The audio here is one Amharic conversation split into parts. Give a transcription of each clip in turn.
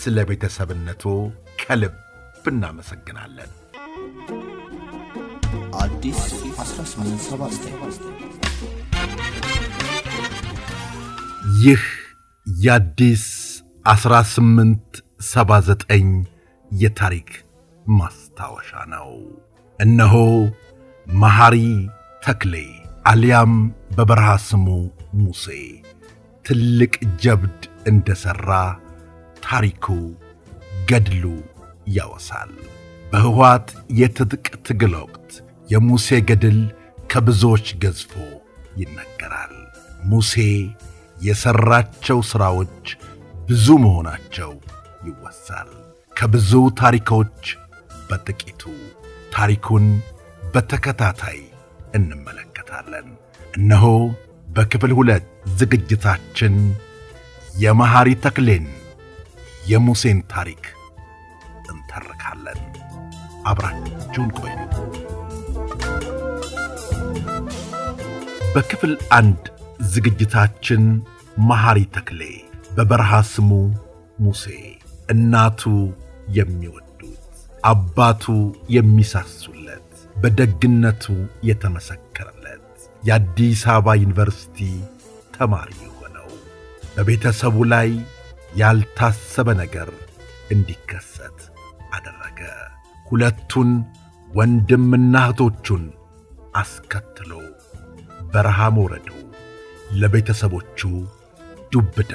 ስለ ቤተሰብነቱ ከልብ እናመሰግናለን። ይህ የአዲስ 1879 የታሪክ ማስታወሻ ነው። እነሆ መሐሪ ተክሌ አሊያም በበረሃ ስሙ ሙሴ ትልቅ ጀብድ እንደሠራ ታሪኩ ገድሉ ያወሳል። በህወሓት የትጥቅ ትግል ወቅት የሙሴ ገድል ከብዙዎች ገዝፎ ይነገራል። ሙሴ የሠራቸው ሥራዎች ብዙ መሆናቸው ይወሳል። ከብዙ ታሪኮች በጥቂቱ ታሪኩን በተከታታይ እንመለከታለን። እነሆ በክፍል ሁለት ዝግጅታችን የመሐሪ ተክሌን የሙሴን ታሪክ እንተርካለን። አብራችሁን ቆዩ። በክፍል አንድ ዝግጅታችን መሐሪ ተክሌ በበረሃ ስሙ ሙሴ፣ እናቱ የሚወዱት አባቱ የሚሳሱለት በደግነቱ የተመሰከረለት የአዲስ አበባ ዩኒቨርሲቲ ተማሪ የሆነው በቤተሰቡ ላይ ያልታሰበ ነገር እንዲከሰት አደረገ። ሁለቱን ወንድምና እህቶቹን አስከትሎ በረሃ መውረዱ ለቤተሰቦቹ ዱብዳ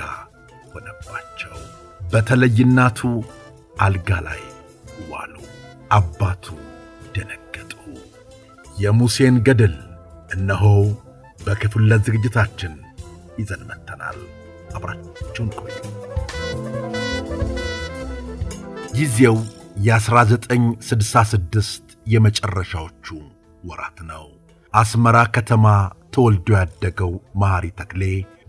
ሆነባቸው። በተለይ እናቱ አልጋ ላይ ዋሉ። አባቱ ደነገጡ። የሙሴን ገድል እነሆ በክፍል ዝግጅታችን ይዘን መጥተናል። አብራችሁን ቆዩ። ጊዜው የ1966 የመጨረሻዎቹ ወራት ነው። አስመራ ከተማ ተወልዶ ያደገው መሐሪ ተክሌ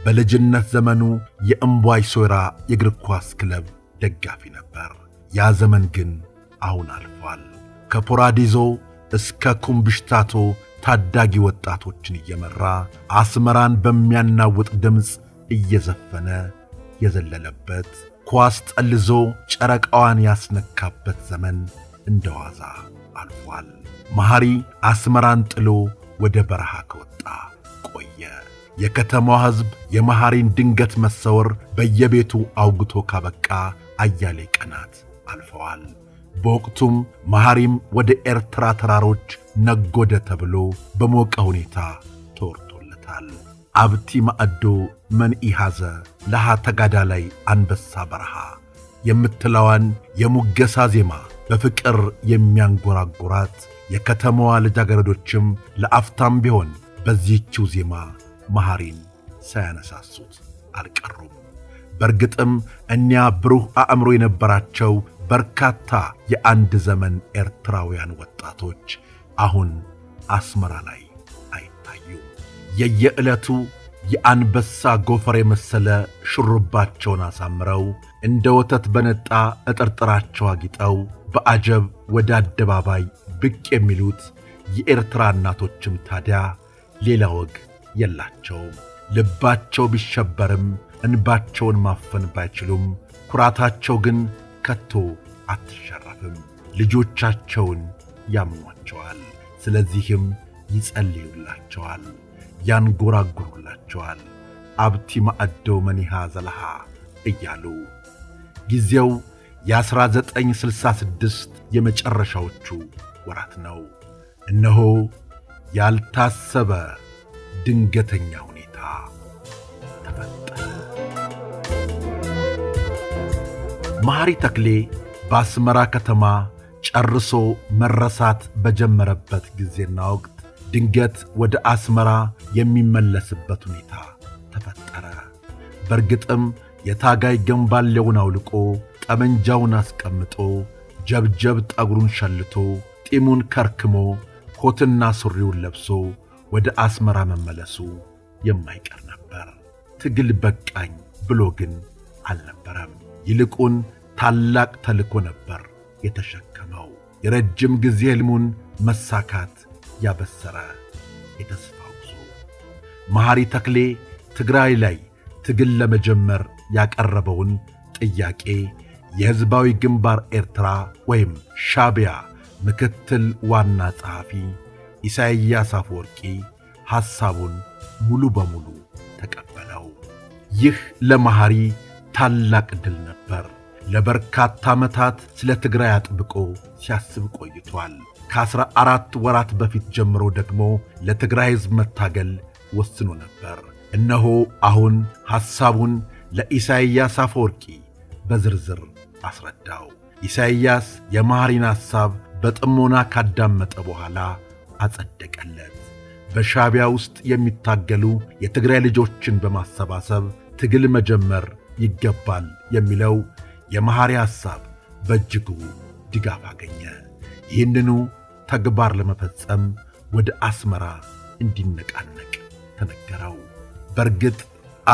በልጅነት ዘመኑ የእምቧይ ሶራ የእግር ኳስ ክለብ ደጋፊ ነበር። ያ ዘመን ግን አሁን አልፏል። ከፖራዲዞ እስከ ኩምብሽታቶ ታዳጊ ወጣቶችን እየመራ አስመራን በሚያናውጥ ድምፅ እየዘፈነ የዘለለበት ኳስ ጠልዞ ጨረቃዋን ያስነካበት ዘመን እንደ ዋዛ አልፏል። መሐሪ አስመራን ጥሎ ወደ በረሃ ከወጣ ቆየ። የከተማዋ ሕዝብ የመሐሪን ድንገት መሰወር በየቤቱ አውግቶ ካበቃ አያሌ ቀናት አልፈዋል። በወቅቱም መሐሪም ወደ ኤርትራ ተራሮች ነጎደ ተብሎ በሞቀ ሁኔታ ተወርቶለታል። አብቲ ማዕዶ ኢሃዘ ለሃ ተጋዳላይ አንበሳ በረሃ የምትለዋን የሙገሳ ዜማ በፍቅር የሚያንጎራጉራት የከተማዋ ልጃገረዶችም ለአፍታም ቢሆን በዚህችው ዜማ መሐሪን ሳያነሳሱት አልቀሩም። በእርግጥም እኒያ ብሩህ አእምሮ የነበራቸው በርካታ የአንድ ዘመን ኤርትራውያን ወጣቶች አሁን አስመራ ላይ የየዕለቱ የአንበሳ ጎፈር የመሰለ ሹሩባቸውን አሳምረው እንደ ወተት በነጣ እጥርጥራቸው አጊጠው በአጀብ ወደ አደባባይ ብቅ የሚሉት የኤርትራ እናቶችም ታዲያ ሌላ ወግ የላቸውም። ልባቸው ቢሸበርም እንባቸውን ማፈን ባይችሉም ኩራታቸው ግን ከቶ አትሸረፍም። ልጆቻቸውን ያምኗቸዋል። ስለዚህም ይጸልዩላቸዋል። ያንጎራጉሩላቸዋል። አብቲ ማዕዶ መኒሃ ዘለሃ እያሉ ጊዜው የ1966 የመጨረሻዎቹ ወራት ነው። እነሆ ያልታሰበ ድንገተኛ ሁኔታ ተፈጠረ። መሐሪ ተክሌ በአስመራ ከተማ ጨርሶ መረሳት በጀመረበት ጊዜና ወቅት ድንገት ወደ አስመራ የሚመለስበት ሁኔታ ተፈጠረ። በእርግጥም የታጋይ ገንባሌውን አውልቆ ጠመንጃውን አስቀምጦ ጀብጀብ ጠጉሩን ሸልቶ ጢሙን ከርክሞ ኮትና ሱሪውን ለብሶ ወደ አስመራ መመለሱ የማይቀር ነበር። ትግል በቃኝ ብሎ ግን አልነበረም። ይልቁን ታላቅ ተልኮ ነበር የተሸከመው። የረጅም ጊዜ ሕልሙን መሳካት ያበሰረ የተስፋ ጉዞ መሐሪ ተክሌ ትግራይ ላይ ትግል ለመጀመር ያቀረበውን ጥያቄ የሕዝባዊ ግንባር ኤርትራ ወይም ሻቢያ ምክትል ዋና ጸሐፊ ኢሳይያስ አፈወርቂ ሐሳቡን ሙሉ በሙሉ ተቀበለው። ይህ ለመሐሪ ታላቅ ድል ነበር። ለበርካታ ዓመታት ስለ ትግራይ አጥብቆ ሲያስብ ቆይቷል። ከአስራ አራት ወራት በፊት ጀምሮ ደግሞ ለትግራይ ሕዝብ መታገል ወስኖ ነበር። እነሆ አሁን ሐሳቡን ለኢሳይያስ አፈወርቂ በዝርዝር አስረዳው። ኢሳይያስ የማሪን ሐሳብ በጥሞና ካዳመጠ በኋላ አጸደቀለት። በሻቢያ ውስጥ የሚታገሉ የትግራይ ልጆችን በማሰባሰብ ትግል መጀመር ይገባል የሚለው የመሐሪ ሐሳብ በእጅጉ ድጋፍ አገኘ። ይህንኑ ተግባር ለመፈጸም ወደ አስመራ እንዲነቃነቅ ተነገረው። በእርግጥ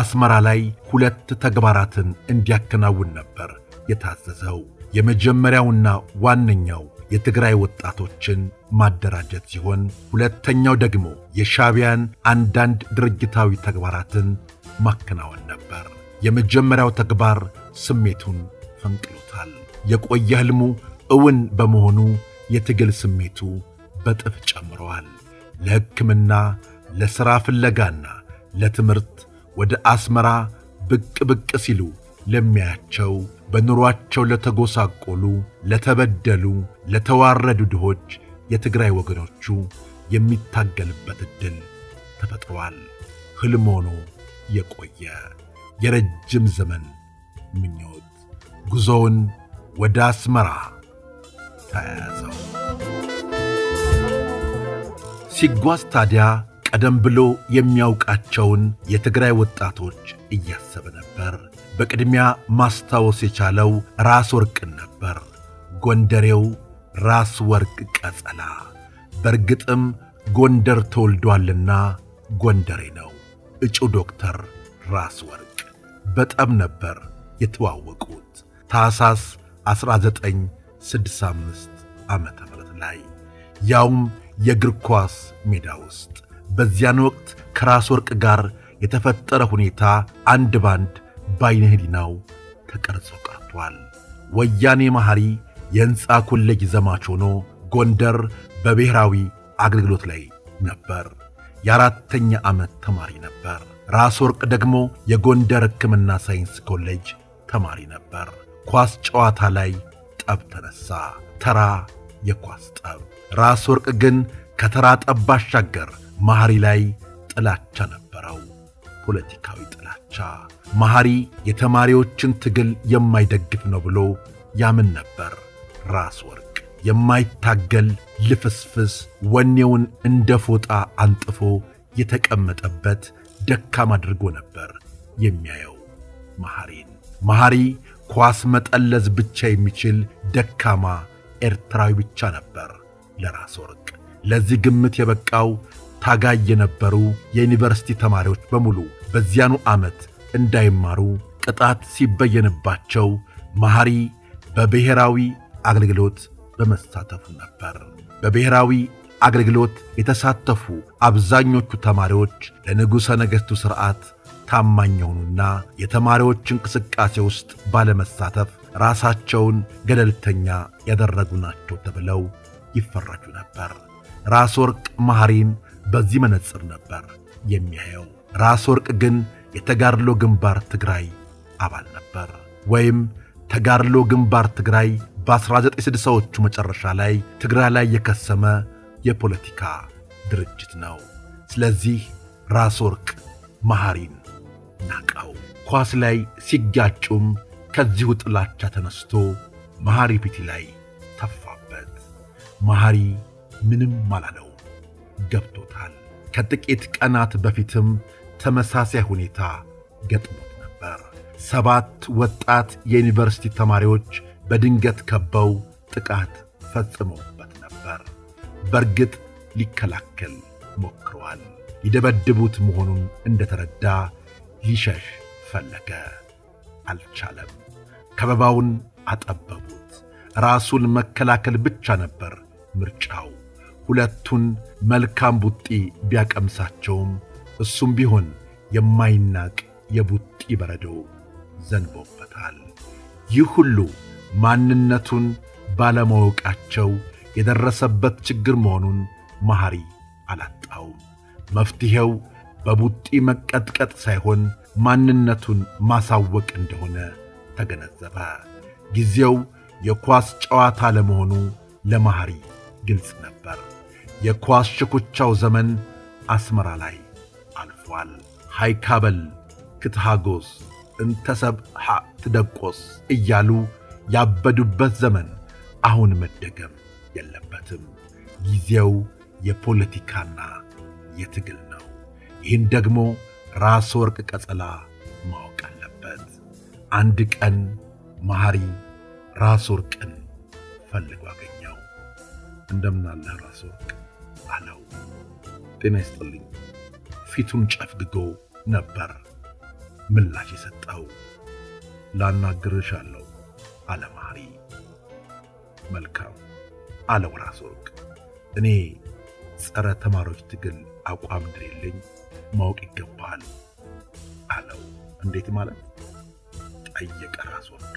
አስመራ ላይ ሁለት ተግባራትን እንዲያከናውን ነበር የታዘዘው። የመጀመሪያውና ዋነኛው የትግራይ ወጣቶችን ማደራጀት ሲሆን ሁለተኛው ደግሞ የሻቢያን አንዳንድ ድርጅታዊ ተግባራትን ማከናወን ነበር። የመጀመሪያው ተግባር ስሜቱን ፈንቅሎታል። የቆየ ሕልሙ እውን በመሆኑ የትግል ስሜቱ በጥፍ ጨምረዋል። ለሕክምና፣ ለሥራ ፍለጋና ለትምህርት ወደ አስመራ ብቅ ብቅ ሲሉ ለሚያያቸው በኑሯቸው ለተጎሳቆሉ፣ ለተበደሉ፣ ለተዋረዱ ድሆች የትግራይ ወገኖቹ የሚታገልበት ዕድል ተፈጥሯል። ሕልም ሆኖ የቆየ የረጅም ዘመን ምኞት ጉዞውን ወደ አስመራ ተያያዘው። ሲጓዝ ታዲያ ቀደም ብሎ የሚያውቃቸውን የትግራይ ወጣቶች እያሰበ ነበር። በቅድሚያ ማስታወስ የቻለው ራስ ወርቅን ነበር። ጎንደሬው ራስ ወርቅ ቀጸላ በእርግጥም ጎንደር ተወልዷልና ጎንደሬ ነው። እጩ ዶክተር ራስ ወርቅ በጠም ነበር የተዋወቁት ታሳስ 19 65 ዓመተ ምህረት ላይ ያውም የእግር ኳስ ሜዳ ውስጥ በዚያን ወቅት ከራስ ወርቅ ጋር የተፈጠረ ሁኔታ አንድ ባንድ በዓይነ ተቀርጾ ቀርቷል። ወያኔ መሐሪ የሕንፃ ኮሌጅ ዘማች ሆኖ ጎንደር በብሔራዊ አገልግሎት ላይ ነበር። የአራተኛ ዓመት ተማሪ ነበር። ራስ ወርቅ ደግሞ የጎንደር ሕክምና ሳይንስ ኮሌጅ ተማሪ ነበር። ኳስ ጨዋታ ላይ ጠብ ተነሳ። ተራ የኳስ ጠብ። ራስ ወርቅ ግን ከተራ ጠብ ባሻገር መሐሪ ላይ ጥላቻ ነበረው። ፖለቲካዊ ጥላቻ። መሐሪ የተማሪዎችን ትግል የማይደግፍ ነው ብሎ ያምን ነበር። ራስ ወርቅ የማይታገል ልፍስፍስ፣ ወኔውን እንደ ፎጣ አንጥፎ የተቀመጠበት ደካማ አድርጎ ነበር የሚያየው። መሐሪን። መሐሪ ኳስ መጠለዝ ብቻ የሚችል ደካማ ኤርትራዊ ብቻ ነበር። ለራስ ወርቅ ለዚህ ግምት የበቃው ታጋይ የነበሩ የዩኒቨርሲቲ ተማሪዎች በሙሉ በዚያኑ ዓመት እንዳይማሩ ቅጣት ሲበየንባቸው መሐሪ በብሔራዊ አገልግሎት በመሳተፉ ነበር። በብሔራዊ አገልግሎት የተሳተፉ አብዛኞቹ ተማሪዎች ለንጉሠ ነገሥቱ ሥርዓት ታማኝ የሆኑና የተማሪዎች እንቅስቃሴ ውስጥ ባለመሳተፍ ራሳቸውን ገለልተኛ ያደረጉ ናቸው ተብለው ይፈረጁ ነበር። ራስ ወርቅ መሐሪን በዚህ መነጽር ነበር የሚያየው። ራስ ወርቅ ግን የተጋድሎ ግንባር ትግራይ አባል ነበር ወይም ተጋድሎ ግንባር ትግራይ በ1960ዎቹ መጨረሻ ላይ ትግራይ ላይ የከሰመ የፖለቲካ ድርጅት ነው። ስለዚህ ራስ ወርቅ መሐሪን ናቀው። ኳስ ላይ ሲጋጩም ከዚሁ ጥላቻ ተነስቶ መሐሪ ፒቲ ላይ ተፋበት። መሐሪ ምንም አላለው፣ ገብቶታል። ከጥቂት ቀናት በፊትም ተመሳሳይ ሁኔታ ገጥሞት ነበር። ሰባት ወጣት የዩኒቨርሲቲ ተማሪዎች በድንገት ከበው ጥቃት ፈጽመውበት ነበር። በእርግጥ ሊከላከል ሞክረዋል። ይደበድቡት መሆኑን እንደተረዳ ሊሸሽ ፈለገ፣ አልቻለም። ከበባውን አጠበቡት። ራሱን መከላከል ብቻ ነበር ምርጫው። ሁለቱን መልካም ቡጢ ቢያቀምሳቸውም እሱም ቢሆን የማይናቅ የቡጢ በረዶ ዘንቦበታል። ይህ ሁሉ ማንነቱን ባለማወቃቸው የደረሰበት ችግር መሆኑን መሐሪ አላጣውም። መፍትሔው በቡጢ መቀጥቀጥ ሳይሆን ማንነቱን ማሳወቅ እንደሆነ ተገነዘበ። ጊዜው የኳስ ጨዋታ ለመሆኑ ለመሐሪ ግልጽ ነበር። የኳስ ሽኩቻው ዘመን አስመራ ላይ አልፏል። ሃይካበል ክትሃጎስ እንተሰብ ሐ ትደቆስ እያሉ ያበዱበት ዘመን አሁን መደገም የለበትም። ጊዜው የፖለቲካና የትግል ነው። ይህን ደግሞ ራስ ወርቅ ቀጸላ ማወቅ አለበት። አንድ ቀን መሐሪ ራስ ወርቅን ፈልጎ አገኘው። እንደምናለህ ራስ ወርቅ አለው። ጤና ይስጥልኝ። ፊቱን ጨፍግጎ ነበር ምላሽ የሰጠው። ላናግርሽ አለው አለ መሐሪ። መልካም አለው ራስ ወርቅ። እኔ ጸረ ተማሪዎች ትግል አቋም እንደሌለኝ ማወቅ ይገባል አለው። እንዴት ማለት ጠየቀ ራስወርቅ።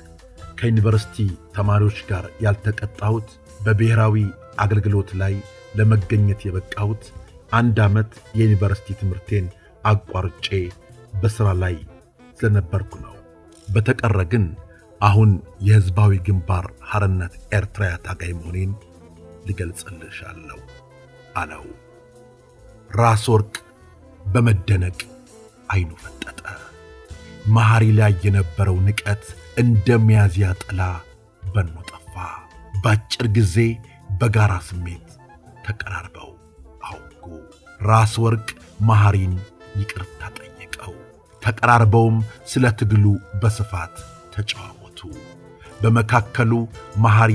ከዩኒቨርሲቲ ተማሪዎች ጋር ያልተቀጣሁት በብሔራዊ አገልግሎት ላይ ለመገኘት የበቃሁት አንድ ዓመት የዩኒቨርሲቲ ትምህርቴን አቋርጬ በሥራ ላይ ስለነበርኩ ነው። በተቀረ ግን አሁን የሕዝባዊ ግንባር ሐርነት ኤርትራ ታጋይ መሆኔን ልገልጽልሻለሁ አለው ራስ ወርቅ በመደነቅ አይኑ ፈጠጠ። መሐሪ ላይ የነበረው ንቀት እንደ ሚያዝያ ጥላ በኖ ጠፋ። በአጭር ጊዜ በጋራ ስሜት ተቀራርበው አውጉ። ራስ ወርቅ መሐሪን ይቅርታ ጠየቀው። ተቀራርበውም ስለ ትግሉ በስፋት ተጨዋወቱ። በመካከሉ መሐሪ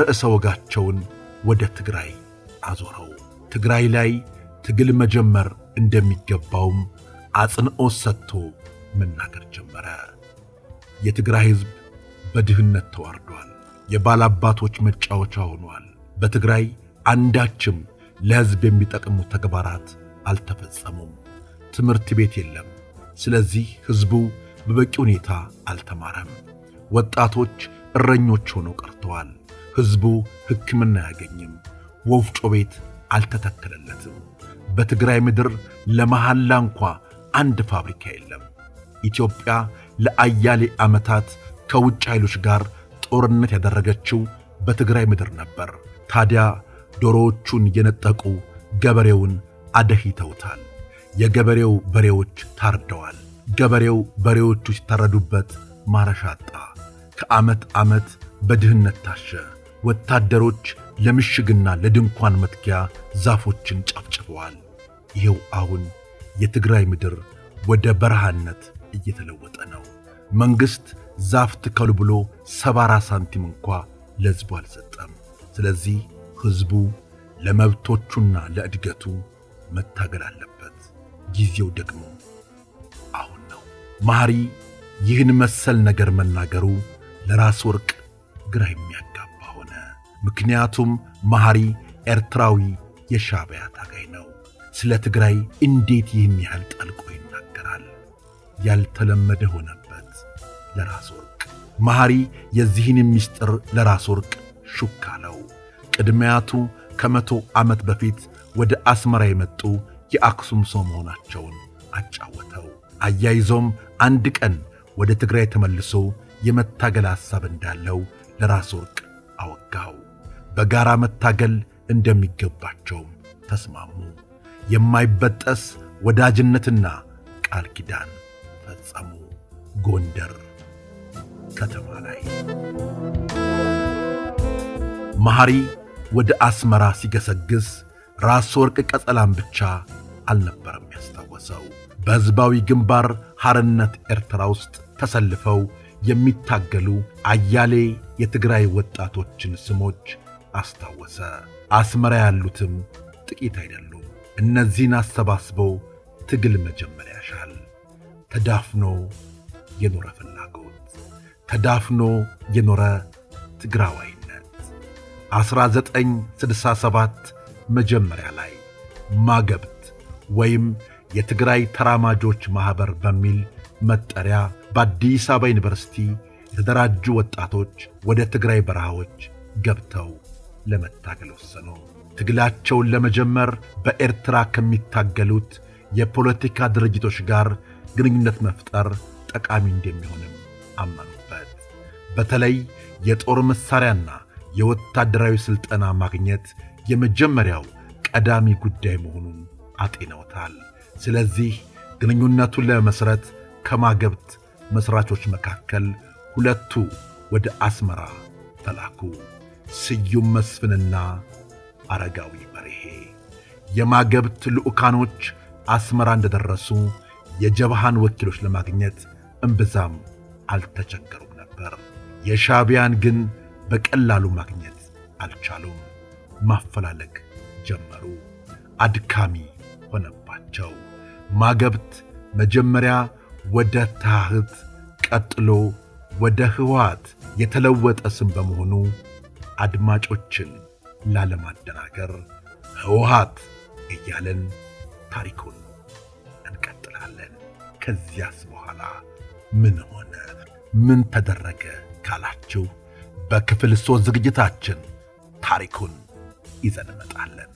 ርዕሰ ወጋቸውን ወደ ትግራይ አዞረው። ትግራይ ላይ ትግል መጀመር እንደሚገባውም አጽንኦት ሰጥቶ መናገር ጀመረ። የትግራይ ሕዝብ በድህነት ተዋርዷል። የባላባቶች መጫወቻ ሆኗል። በትግራይ አንዳችም ለሕዝብ የሚጠቅሙ ተግባራት አልተፈጸሙም። ትምህርት ቤት የለም። ስለዚህ ሕዝቡ በበቂ ሁኔታ አልተማረም። ወጣቶች እረኞች ሆነው ቀርተዋል። ሕዝቡ ሕክምና አያገኝም። ወፍጮ ቤት አልተተከለለትም። በትግራይ ምድር ለመሐላ እንኳ አንድ ፋብሪካ የለም። ኢትዮጵያ ለአያሌ ዓመታት ከውጭ ኃይሎች ጋር ጦርነት ያደረገችው በትግራይ ምድር ነበር። ታዲያ ዶሮዎቹን የነጠቁ ገበሬውን አደህይተውታል። የገበሬው በሬዎች ታርደዋል። ገበሬው በሬዎቹ ሲታረዱበት ማረሻ አጣ። ከዓመት ዓመት በድህነት ታሸ። ወታደሮች ለምሽግና ለድንኳን መትኪያ ዛፎችን ጨፍጭፈዋል። ይኸው አሁን የትግራይ ምድር ወደ በረሃነት እየተለወጠ ነው። መንግሥት ዛፍ ትከሉ ብሎ ሰባራ ሳንቲም እንኳ ለሕዝቡ አልሰጠም። ስለዚህ ሕዝቡ ለመብቶቹና ለእድገቱ መታገል አለበት። ጊዜው ደግሞ አሁን ነው። መሐሪ ይህን መሰል ነገር መናገሩ ለራስ ወርቅ ግራ የሚያጋባ ሆነ። ምክንያቱም መሐሪ ኤርትራዊ የሻዕቢያ ታጋይ ስለ ትግራይ እንዴት ይህን ያህል ጠልቆ ይናገራል? ያልተለመደ ሆነበት ለራስ ወርቅ። መሐሪ የዚህን ምስጢር ለራስ ወርቅ ሹክ አለው። ቅድሚያቱ ከመቶ ዓመት በፊት ወደ አስመራ የመጡ የአክሱም ሰው መሆናቸውን አጫወተው። አያይዞም አንድ ቀን ወደ ትግራይ ተመልሶ የመታገል ሐሳብ እንዳለው ለራስ ወርቅ አወጋው። በጋራ መታገል እንደሚገባቸውም ተስማሙ። የማይበጠስ ወዳጅነትና ቃል ኪዳን ፈጸሙ። ጎንደር ከተማ ላይ መሐሪ ወደ አስመራ ሲገሰግስ ራስ ወርቅ ቀጸላን ብቻ አልነበረም ያስታወሰው። በሕዝባዊ ግንባር ሐርነት ኤርትራ ውስጥ ተሰልፈው የሚታገሉ አያሌ የትግራይ ወጣቶችን ስሞች አስታወሰ። አስመራ ያሉትም ጥቂት አይደሉም። እነዚህን አሰባስበው ትግል መጀመር ያሻል። ተዳፍኖ የኖረ ፍላጎት፣ ተዳፍኖ የኖረ ትግራዋይነት 1967 መጀመሪያ ላይ ማገብት ወይም የትግራይ ተራማጆች ማኅበር በሚል መጠሪያ በአዲስ አበባ ዩኒቨርሲቲ የተደራጁ ወጣቶች ወደ ትግራይ በረሃዎች ገብተው ለመታገል ወሰኑ። ትግላቸውን ለመጀመር በኤርትራ ከሚታገሉት የፖለቲካ ድርጅቶች ጋር ግንኙነት መፍጠር ጠቃሚ እንደሚሆንም አመኑበት። በተለይ የጦር መሣሪያና የወታደራዊ ሥልጠና ማግኘት የመጀመሪያው ቀዳሚ ጉዳይ መሆኑን አጤነውታል። ስለዚህ ግንኙነቱን ለመመሥረት ከማገብት መሥራቾች መካከል ሁለቱ ወደ አስመራ ተላኩ፣ ስዩም መስፍንና አረጋዊ በርሄ የማገብት ልዑካኖች አስመራ እንደደረሱ የጀብሃን ወኪሎች ለማግኘት እምብዛም አልተቸገሩም ነበር። የሻቢያን ግን በቀላሉ ማግኘት አልቻሉም። ማፈላለግ ጀመሩ። አድካሚ ሆነባቸው። ማገብት መጀመሪያ ወደ ታህት ቀጥሎ ወደ ህወሓት የተለወጠ ስም በመሆኑ አድማጮችን ላለማደናገር ህወሓት እያለን ታሪኩን እንቀጥላለን። ከዚያስ በኋላ ምን ሆነ፣ ምን ተደረገ ካላችሁ በክፍል ሶስት ዝግጅታችን ታሪኩን ይዘን እንመጣለን።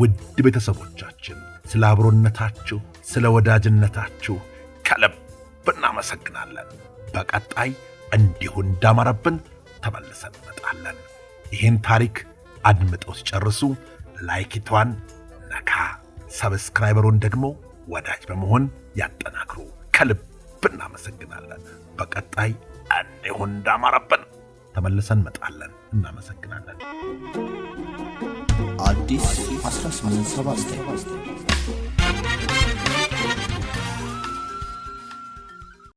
ውድ ቤተሰቦቻችን ስለ አብሮነታችሁ፣ ስለ ወዳጅነታችሁ ከልብ እናመሰግናለን። በቀጣይ እንዲሁ እንዳማረብን ተመልሰን እንመጣለን። ይህን ታሪክ አድምጠው ሲጨርሱ ላይኪቷን ነካ፣ ሰብስክራይበሩን ደግሞ ወዳጅ በመሆን ያጠናክሩ። ከልብ እናመሰግናለን። በቀጣይ እንዲሁን እንዳማረብን ተመልሰን መጣለን። እናመሰግናለን። አዲስ 1879